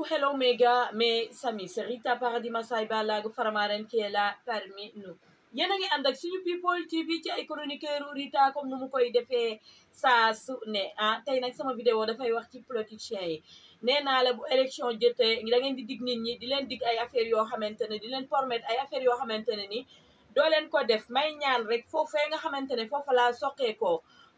beaucoup Hello Mega mais Sami c'est Rita Paradis Massay Ba laagu Faramaren qui est là parmi nous. yéen a ngi ànd ak suñu people TV ci ay chroniqueur Rita comme nu mu koy defee saa su ne ah tey nag sama vidéo dafay wax ci politiciens yi nee naa la bu élection jotee da ngeen di dig nit ñi di leen dig ay affaires yoo xamante ne di leen promettre ay affaires yoo xamante ne ni. doo leen ko def may ñaan rek foofee nga xamante ne foofa laa soqee ko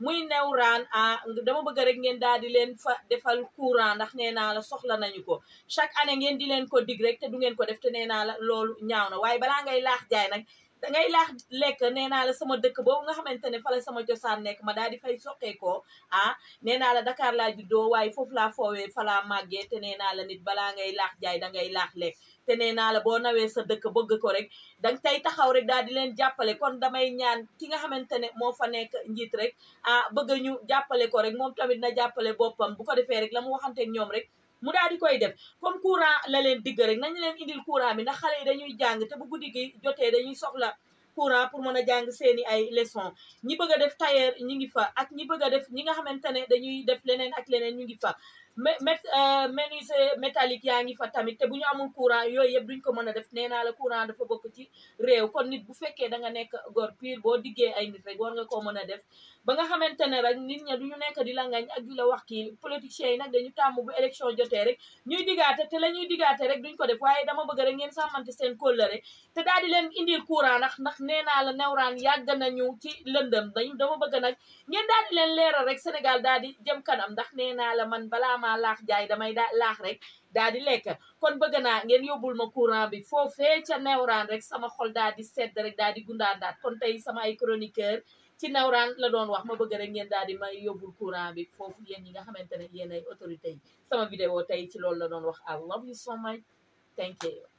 muy newraan a ah, dama bëgg rek ngeen daal di leen fa defal courant ndax nee naa la soxla nañu ko chaque année ngeen di leen ko dig rek te du ngeen ko def te nee naa la loolu ñaaw na waaye balaa ngay laax jaay nag dangay laax lekk nee naa la sama dëkk boobu nga xamante ne fa la sama cosaan nekk ma daal di fay soqeekoo ah nee naa la Dakar laa juddoo waaye foofu laa foowee fa laa màggee te nee naa la nit balaa ngay laax jaay dangay laax lekk te nee naa la boo nawee sa dëkk bëgg ko rek dang tey taxaw rek daal di leen jàppale kon damay ñaan ki nga xamante ne moo fa nekk njiit rek ah bëgg ñu jàppale ko rek moom tamit na jàppale boppam bu ko defee rek la mu waxanteeg ñoom rek mu daal di koy def comme courant la leen digg rek nañu leen indil courant bi ndax xale yi dañuy jàng te bu guddi gi jotee dañuy soxla courant pour mën a jàng seeni ay leçon ñi bëgg a def tailleur ñi ngi fa ak ñi bëgg a def ñi nga xamante ne dañuy def leneen ak leneen ñu ngi fa Euh, menuis métallique yaa ngi fa tamit te bu ñu amul courant yooyu yëpp duñ ko mën a def nee naa la courant dafa bokk ci réew kon nit bu fekkee da nga nekk góor pire boo diggee ay nit rek war nga koo mën a def ba nga xamante ne rek nit ña ñu nekk di la ngañ ak di la wax kii politiciens yi nag dañu tàmm bu élection jotee rek ñuy digaate te la ñuy digaate rek duñ ko def waaye dama bëgg rek ngeen sàmmante seen rek te daal di leen indil courant ndax ndax nee naa la newraan yàgg nañu ci lëndëm dañu dama bëgg nag ngeen daal di leen leeral rek Sénégal daal di jëm kanam ndax nee naa la man balaa maa laax jaay damay daa laax rek daa di lekk kon bëgg naa ngeen yóbbul ma courant bi foofee ca newraan rek sama xol daa di sedd rek daa di daal kon tey sama ay chroniqueur ci newraan la doon wax ma bëgg rek ngeen daal di may yóbbul courant bi foofu yéen ñi nga xamante ne yéen ay autorité yi sama vidéo tey ci lool la doon wax I love you thank you